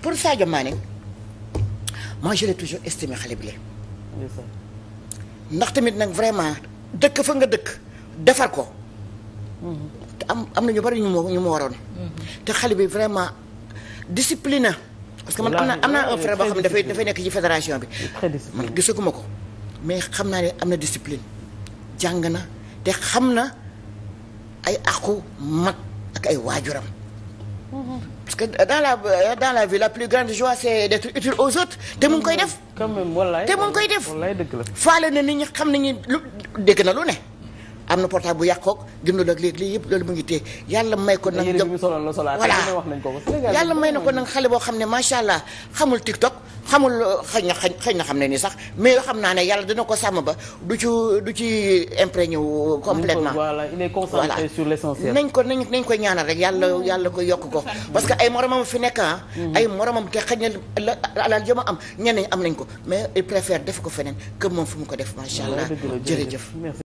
pour Sadio Mané moi je l'ai toujours estimé xale bi ndax tamit nag vraiment dëkk fa nga dëkk defar ko. te am am na ñu bari ñu ma ñu mu waroon. Mhm. te xale bi vraiment discipline na. parce que man am na am naa un frère boo dafay nekk ci fédération bi. man gisaguma ko. mais xam naa ne am na discipline. jàng na te xam na ay àqu mag ak ay waajuram. parce que dans la dans la vie la plus grande joie c'est d'être utile aux autres te mu ngi def. te mu ngi def faale na nit ñi xam nañu ne. am na portable bu yàqook gëndul ak léegi loolu mu ngi téye yàlla may ko nag. yéen a na ko nag xale boo xam ne macha allah xamul TikTok. xamul xëy na xañ na xam ne nii sax mais xam naa ne yàlla dana ko sàmm ba du ci du ci imprégné wu complètement voilà il est concentré sur l'essentiel nañ ko nañ nañ ko ñaanal rek yàlla mmh. yàlla ko yokk ko parce que ay moromam fi nekk ah mmh. ay moromam te xëy na alal jëma am ñeneen am nañ ko mais il préfère def ko feneen que moom fu mu ko def macha allah jërëjëf